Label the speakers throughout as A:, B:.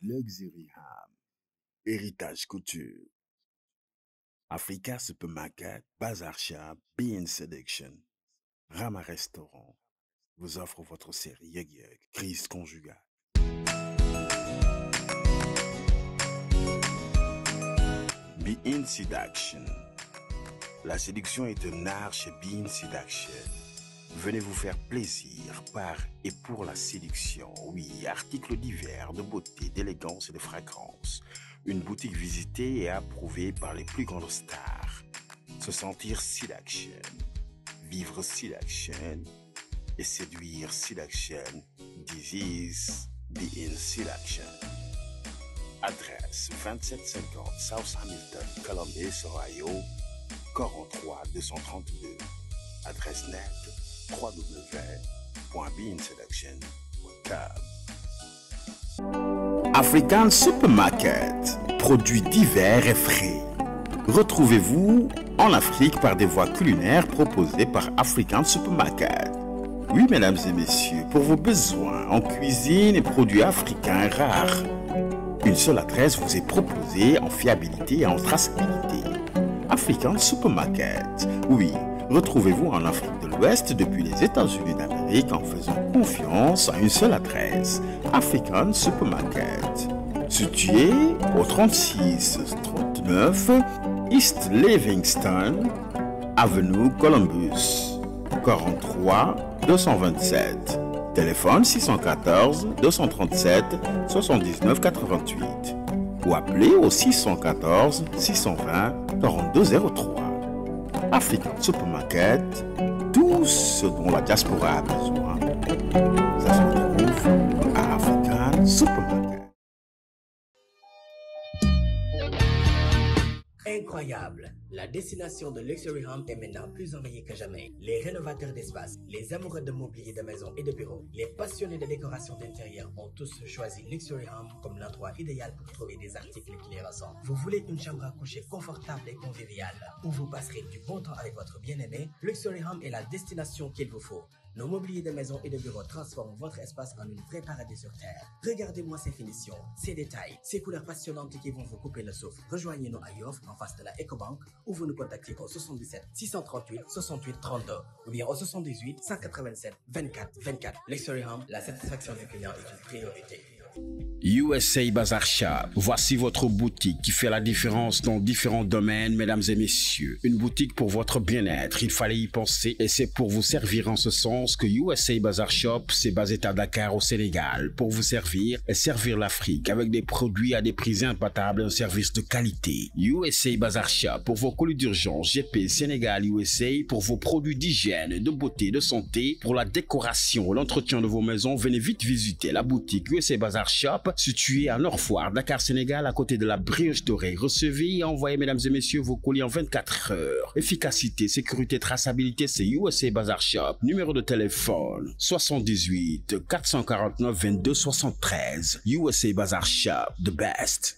A: Luxury Ham, Héritage Couture, Africa Supermarket, Bazar Shop, Bean Seduction, Rama Restaurant vous offre votre série Yeg Yeg, Crise Bean Seduction. La séduction est un art Bean Seduction Venez vous faire plaisir par et pour la séduction. Oui, articles divers de beauté, d'élégance et de fragrance. Une boutique visitée et approuvée par les plus grandes stars. Se sentir Silaction. Vivre Silaction. Et séduire Silaction. Disease be in Silaction. Adresse South Hamilton, Columbus, Ohio. 43 232. Adresse nette www.beanselection.com African Supermarket, produits divers et frais. Retrouvez-vous en Afrique par des voies culinaires proposées par African Supermarket. Oui, mesdames et messieurs, pour vos besoins en cuisine et produits africains rares. Une seule adresse vous est proposée en fiabilité et en traçabilité. African Supermarket. Oui, Retrouvez-vous en Afrique de l'Ouest depuis les États-Unis d'Amérique en faisant confiance à une seule adresse, African Supermarket, située au East Livingston Avenue Columbus, Téléphone 614 237 au Africa Supermarket, tout ce dont la diaspora a besoin, ça se à African Supermarket.
B: Incroyable La destination de Luxury Home est maintenant plus envahie que jamais. Les rénovateurs d'espace, les amoureux de mobilier de maison et de bureaux, les passionnés de décoration d'intérieur ont tous choisi Luxury Home comme l'endroit idéal pour trouver des articles qui les ressemblent. Vous voulez une chambre à coucher confortable et conviviale où vous passerez du bon temps avec votre bien-aimé? Luxury Home est la destination qu'il vous faut. Nos mobiliers de maison et de bureau ou vous nous
A: USA Bazar Shop. Voici votre boutique qui fait la différence dans différents domaines, mesdames et messieurs. Une boutique pour votre bien-être. Il fallait y penser et c'est pour vous servir en ce sens que USA Bazar Shop s'est basé à Dakar au Sénégal pour vous servir et servir l'Afrique avec des produits à des prix imbattables un service de qualité. USA pour vos colis d'urgence GP Sénégal USA pour vos produits d'hygiène, de beauté, de santé, pour la Dakar Shop, situé à Norfoire, Dakar Sénégal, à côté de la Brioche Dorée. Recevez et envoyez, mesdames et messieurs, vos colis en 24 heures. Efficacité, sécurité, traçabilité, c'est USA Bazar Shop. Numéro de téléphone 78 449 USA Bazar Shop, the best.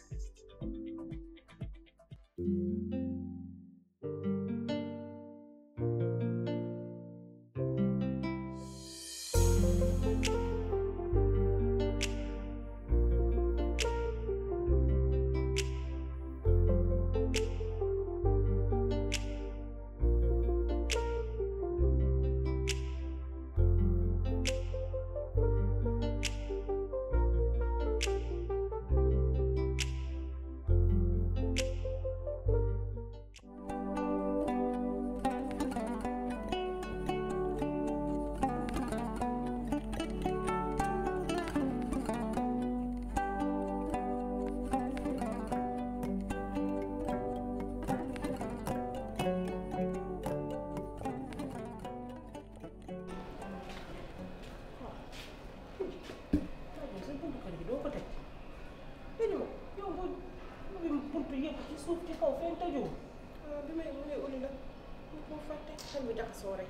C: xel bi jaxasoo rek.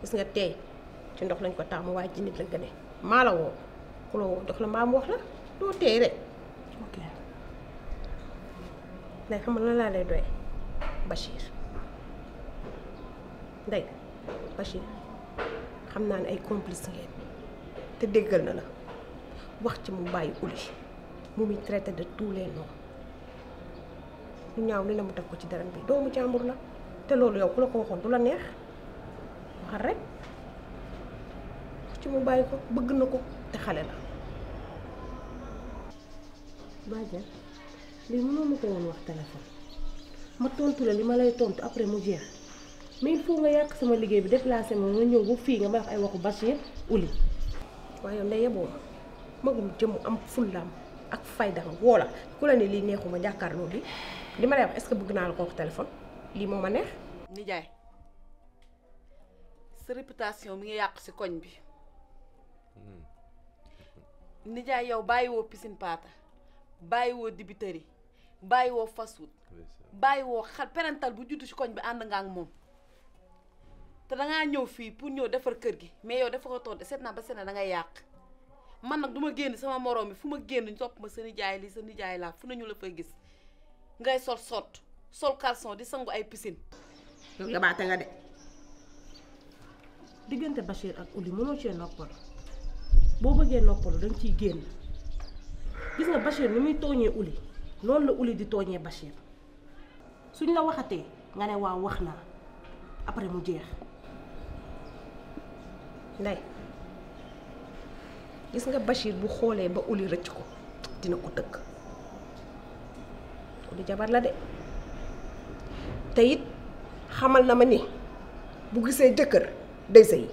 C: gis nga tey ci ndox lañ ko taamu waaye ci nit la gëne maa la woo ku la la maam wax la doo tey rek. ok xam nga lan lay doyee Bachir ndey Bachir xam naa ne ay complice te déggal na la wax ci mu bàyyi uli mu muy traité de tous les noms lu ñaaw li la mu def ko ci dara bi doomu jàmbur la te loolu yow ku la ko waxoon du la neex waxal rek wax ci mu bàyyi ko bëgg na ko te xale la bàjjan lii mënoo ma ko woon wax téléphone ma tontu la li ma lay tontu après mu jeex mais il nga yàq sama liggéey bi déplacé ma nga ñëw ba fii nga may wax ay waxu Bachir Oly waaye nda yeboo magum jëm am fullaam ak faydam woola ku la ne lii neexuma jàkkaarloo bi li ma lay wax est-ce que bëgg naa la ko wax téléphone lii moo ma neex
B: nijaay sa réputation mi ngi yàqu ci koñ bi hmm. nijaay yow bàyyiwoo piscine paata bàyyiwoo dibiteri bàyyiwoo fast food bàyyiwoo xal parental bu juddu ci koñ bi ànd nga ak moom te da ñëw fii pour ñëw defar kër gi mais yow dafa ko toog de seet naa ba seet na da ngay yàq man nag du ma génn sama morom bi fu ma génn ñu topp ma sa nijaay lii sa nijaay laa fu nañu la fay gis ngay sol sot sol caleçon di sangu ay piscine.
C: yow yabaate nga de. diggante Bachir ak Ouli mënoo cee noppalu boo bëggee noppalu dañ ciy génn gis nga Bachir ni muy tooñee Ouli noonu la Ouli di tooñee Bachir suñ la waxatee nga ne waaw wax naa après mu jeex. nday gis nga Bachir bu xoolee ba Uli rëcc ko dina ko tëkk Uli jabar la de te it xamal na ma ni bu gisee jëkkër day sëy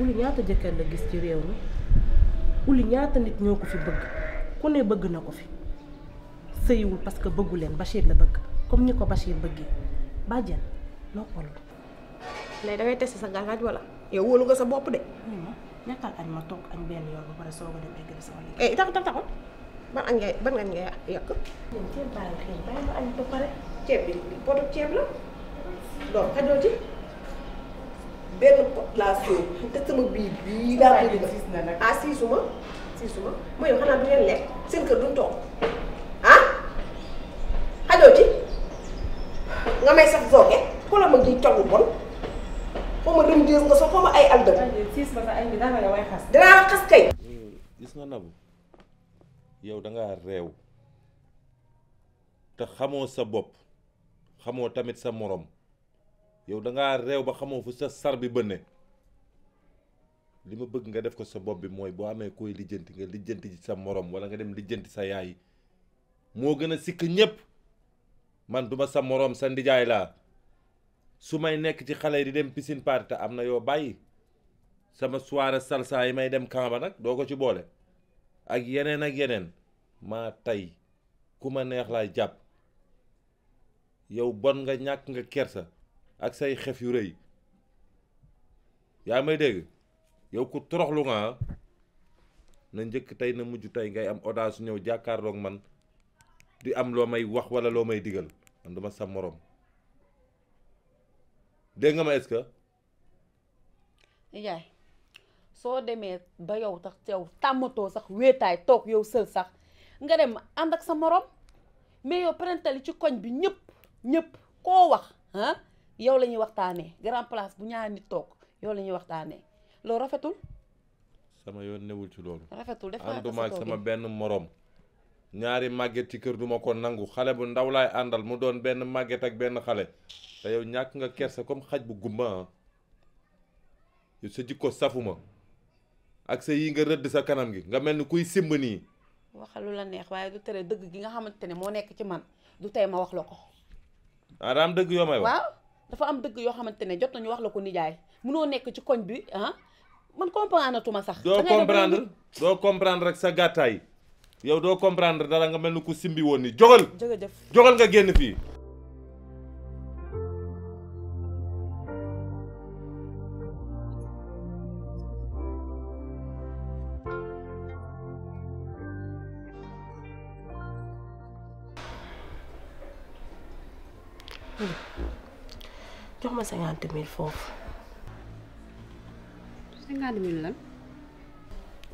C: Uli ñaata jëkkër la gis ci réew mi Uli ñaata nit ñoo ko fi bëgg ku ne bëgg na ko fi sëyiwul parce que bëggu leen Bachir la bëgg comme ni ko Bachir bëggee bàjjen noppalu. léegi dangay tester sa gàllaaj wala. yow wóolu nga sa bopp de. nekkal añ ma toog añ benn yoon ba pare soog a dem egg sama liggéey. eh tax tax taxul ngay ban añ pare ceeb bi potu ceeb la donc xajoo ci benn pot laa sóor te sama bii bii laa ko dugal siis na nag ah siisuma siisuma mooy xanaa du ngeen lekk seen kër duñ toog ah xajoo ci nga may sax zooge ku ma gi togg bon xaw ma
D: gis nga Nabou yow da ngaa réew te xamoo sa bopp xamoo tamit sa moroom yow da ngaa réew ba xamoo fu sa sar bi bënne li ma bëgg nga def ko sa bopp bi mooy boo amee koy lijjanti nga lijjanti ci sa moroom wala nga dem lijjanti sa yaay moo gën a sikk ñépp man duma sa moroom sa ndijaay laa su may nekk ci xale yi di dem piscine party te am na yoo bàyyi sama soir salsa yi may dem kamba nag doo ko ci boole ak yeneen ak yeneen maa tey ku ma neex laay jàpp yow bon nga ñàkk nga kersa ak say xef yu rëy yaa may dégg yow ku toroxlu nga ah. na njëkk tey na mujj tey ngay am su ñëw jàkkaarloog man di am loo may wax walla loo may digal man du ma sa morom dégg nga ma est que.
B: yaay soo demee ba yow tax yow tàmmatoo sax wéetaay toog yow sël sax nga dem ànd ak sa moroom mais yow parentali ci koñ bi ñëpp ñëpp koo wax ah, yow la ñuy waxtaanee grand place bu ñaari nit toog yow la ñuy waxtaanee loolu rafetul.
D: sama yoon newul ci loolu. rafetul def naa sama benn moroom ñaari màgget ci kër duma ko nangu xale bu ndaw laay àndal mu doon benn màgget ak benn xale te yow ñàkk nga kersa comme xaj bu gumba ah. yow sa jikko safuma ak sa yi nga rëdd sa kanam gi nga mel ni kuy simb nii
B: waxalu la neex waaye du tere dëgg gi nga xamante ne moo nekk ci man du tey ma wax la ko
D: ah dëgg yoo may wax waaw
B: dafa am dëgg yoo xamante ne jot nañu wax la ko nijaay munoo nekk ci koñ bi ah man comprendre tuma sax doo comprendre
D: doo comprendre sa gàttaay yow doo comprendre dara nga mel ni ku simbi woon ni jógal jógal nga génn fii
C: jox ma cinquante mille foofu. cinquante mille lan.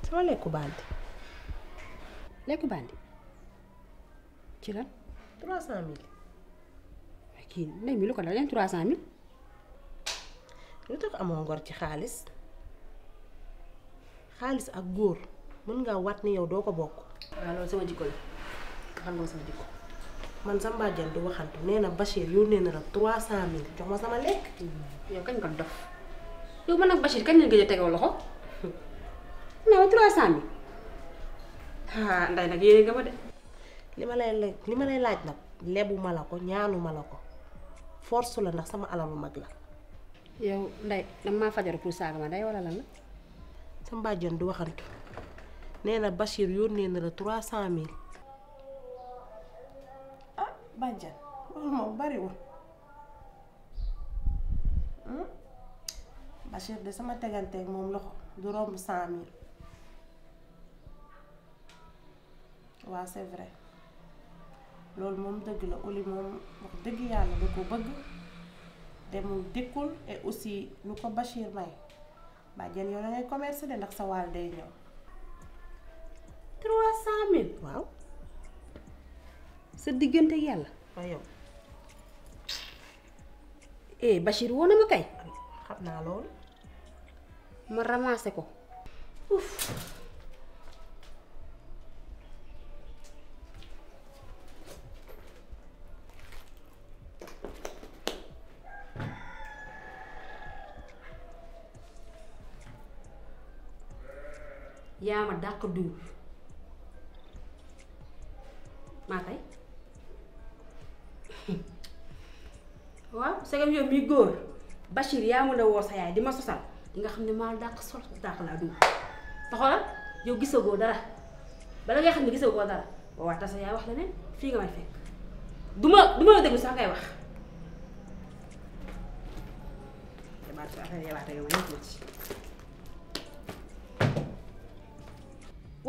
C: sama lekku baal lekk bandi ci lan. 300000. kii ndey mi lu ko dal leen 300000. lu tax amoo ngor ci xaalis xaalis ak góor mën ngaa wat ni yow doo ko bokk. waaw ah, loolu sama jikko la xam nga sama jikko man sa mbàjjan du waxantu nee na Bachir yónnee na la 300000 jox ma sama lekk. Hmm, yow kañ ko dof yow man nag Bachir kañ la gëj a tegoo loxo. non 300000. ah nday nag yéene nga ma de. li ma lay laaj li ma laaj nag lebu ma la ko ñaanu ma la ko force la ndax sama alalu mag la. yow nday dama maa fajar pour saaga ma nday wala lan la. sama bàjjen du waxantu nee na Bachir yónnee na la trois cent mille. ah bàjjen moom bariwul. Hmm? Bachir de sama teganteeg moom loxo du romb cent mille. waa c'est vrai loolu moom dëgg la Oli moom wax dëgg yàlla da ko bëgg demul dikkul et aussi lu ko Bachir may bàjjen yow da commerce de ndax sa wàll day ñëw. 300000 waaw. sa diggante yàlla. waaw yow. eh Bachir woo na ma kay. xam naa loolu. ma ramassé ko. yaa ma dàq duur maa tey waaw segam yow mi góor Bachir yaa mën a woo sa yaay di ma sosal di nga xam ne maa dàq sol dàq laa duur te xoolal yow gisagoo dara bala ngay xam ne gisagoo dara waaw ta sa wax la ne fii nga may fekk du ma du ma la déglu sax wax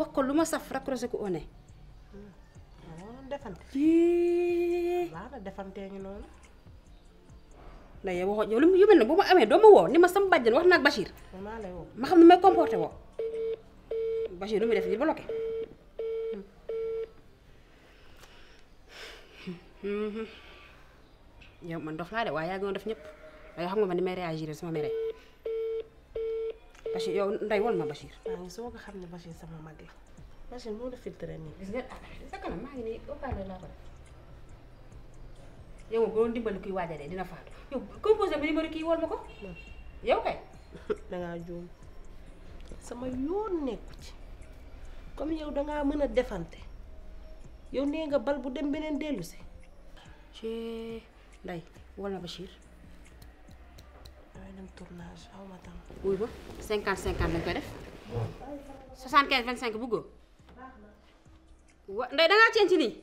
C: wax ko lu ma saf raccroché ko one defante waaw defantee ñu noonu nda yow waxoo yow lu yu mel ne bu ma amee doo woo ni ma sama bàjjan wax naag Bachir ma xam ne may comporté woo Bachir lu muy def ñu bloqué yow man dof laa de waaye yaa ngi def ñëpp waaye xam nga man ni may réagir sama mere Bachir yow nday wol ma Bachir. waaw ah, soo ko xam ne Bachir sama mag la Bachir moo la filtré nii. gis nga sa kanam maa ngi ko dimbali kuy waajalee dina faatu yow composé ma numéro kii wol ma ko hmm. yow kay. dangaa juum sama yoon nekku ci comme yow dangaa mën a defante yow nee nga bal bu dem beneen dellusi si. ci nday wol ma Bachir. damay dem tournage xaw ma temps. wuy ba cinquante cinquante lañ koy def soixante quinze vingt cinq bëggoo wa ndey da ngaa ci nii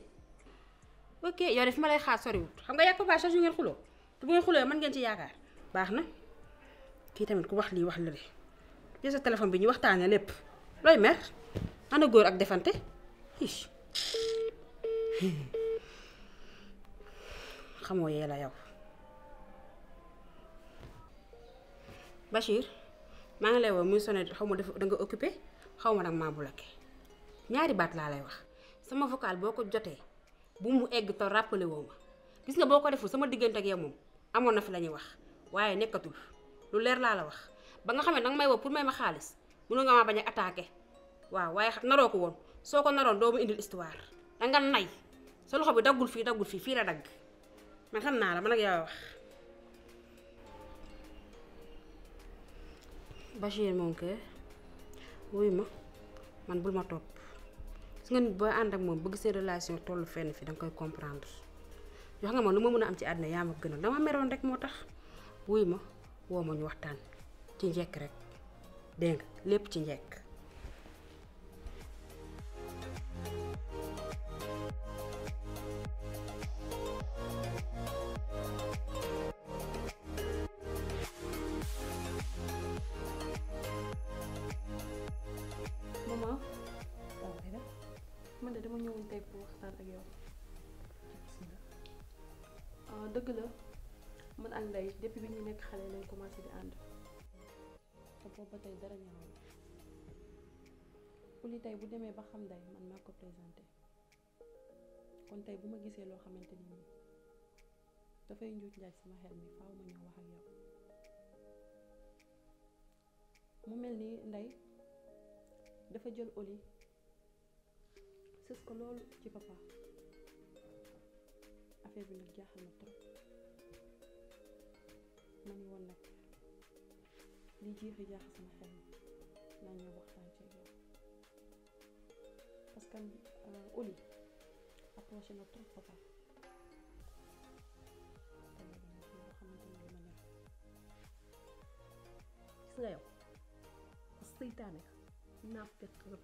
C: yow def ma lay xaar soriwut xam nga yàgg papa chaque jour ngeen xuloo te bu ngeen xuloo mën ngeen ci yaakaar baax na kii tamit ku wax lii wax la de jël sa téléphone bi ñu waxtaanee lépp looy mer ana góor ak defante xamoo yee la yow. Bachir maa ngi lay woo muy sonné xaw ma dafa da nga occupé xaw ma nag maa bloqué ñaari baat laa lay wax sama vocal boo ko jotee bu mu egg te rappelé woow ma gis nga boo ko deful sama diggante ak yow moom amoon na fi la ñuy wax waaye nekkatul lu leer laa la wax ba nga xam ne danga may wax pour may ma xaalis mënu nga maa bañ a attaqué waaw waaye xam naroo ko woon soo ko naroon doomu ma indil histoire danga nay sa loxo bi daggul fii daggul fii fii la dagg man wax. Bachir moom kër wuyu ma man bul ma topp gis nga nit boo ànd ak moom bëgg seen relation tollu fenn fii danga koy comprendre yoo xam nga lu ma mën a am ci àddina yaa ma gënal dama meroon rek moo tax wuyu ma woo ma ñu waxtaan ci njekk rek dégg nga lépp ci njekk ñëwoon tey pour waxtaan ak yow. Ah, dëgg la man ak Ndeye depuis bi ñu nekk xale lañ commencé di ànd. te boobu tey dara ñaaw Uli tey bu demee ba xam Ndeye man maa ko présenté kon tey bu ma gisee loo xamante ni nii dafay njuuj njaaj sama xel mi faaw ma ñëw wax ak yow. mu mel ni Ndeye dafa jël Uli. sës ko loolu ci papa affaire bi nag jaaxal na trop ma ni woon li jiixi jaaxal sama xel naa ñëw waxtaan ci yow parce que euh, Oli approché na trop papa te loolu nag loo xamante ne lu ma neex gis nga yow seytaane naa fekk rek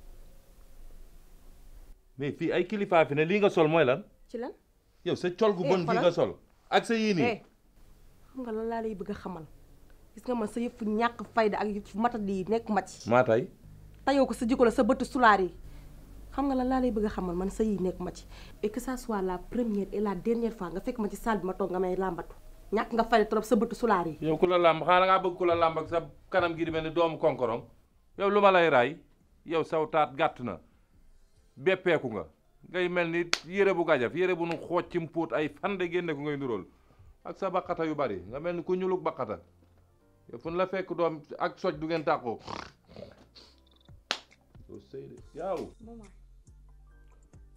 D: mais fii ay kilifaa fi ne lii nga sol mooy lan. ci lan yow sa col gu eh, bon bii sol. ak sa yii nii. Eh,
C: xam nga lan laa lay bëgg a xamal gis nga man sa yëpp ñàkk fayda ak yëfu matadi yi nekk ma ci. maa tay tayoo ko sa jikko la sa bëtt sulaar yi xam nga lan laa lay bëgg a xamal man sa yi nekk ma ci ek que ça soit la première et la dernière fois nga fekk ma ci salle bi ma toog nga may làmbatu ñàkk nga fayda trop
D: sa bëtt sulaar yi. yow ku la làmb xanaa ngaa bëgg gi mel ni doomu konkorong yow béppeeku nga ngay mel ni yére bu gajaf yére bu nu xooj ci mpóot ay fande génne ko ngay nuróol ak sa baqata yu bari nga mel ni ku ñuluk baqata fu nu la fekk doom ak soj du ngeen tàqoo loolu sëy de yaaw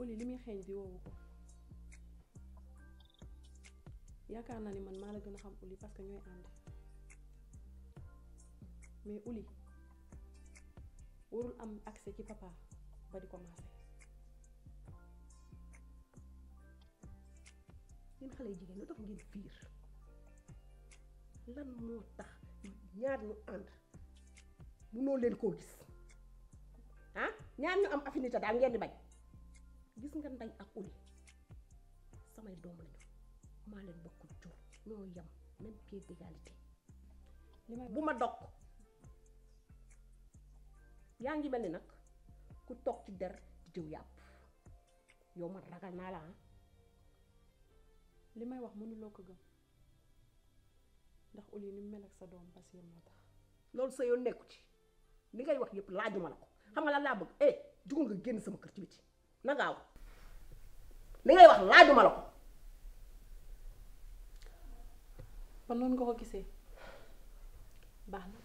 C: li muy xeeñ bi woowu ko yaakaar naa ni man maa la gën a xam Oli parce que ñooy ànd mais Oli warul am accès ci papa ba di commencer yéen jigéen lu tax ngeen tax ñaar ñu leen koo gis ah am affinité daal ngeen di nga nday ak doom lañu leen bokk jur bu ma dog yaa ngi mel ni nag ku toog ci der di jëw yàpp yow man ragal naa la ah. li may wax mënuloo ko gëm ndax au lieu ni mu mel ak sa doom Basiir moo tax. loolu sa yoon nekku ci li ngay wax yëpp laajuma la ko xam nga lan laa bëgg eh nga génn sama kër ci biti na gaaw li ngay wax laajuma la ko. ba noonu nga ko gisee baax na.